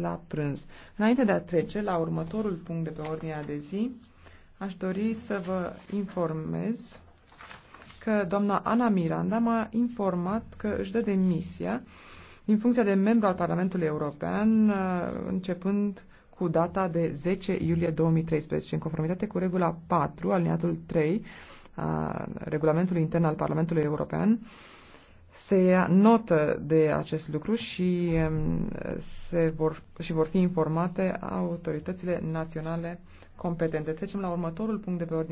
la prânz. Înainte de a trece la următorul punct de pe ordinea de zi, aș dori să vă informez că doamna Ana Miranda m-a informat că își dă demisia din funcția de membru al Parlamentului European, uh, începând cu data de 10 iulie 2013, în conformitate cu regula 4, alineatul 3, a regulamentului intern al Parlamentului European, se ia notă de acest lucru și, um, se vor, și vor fi informate autoritățile naționale competente. Trecem la următorul punct de pe ordine.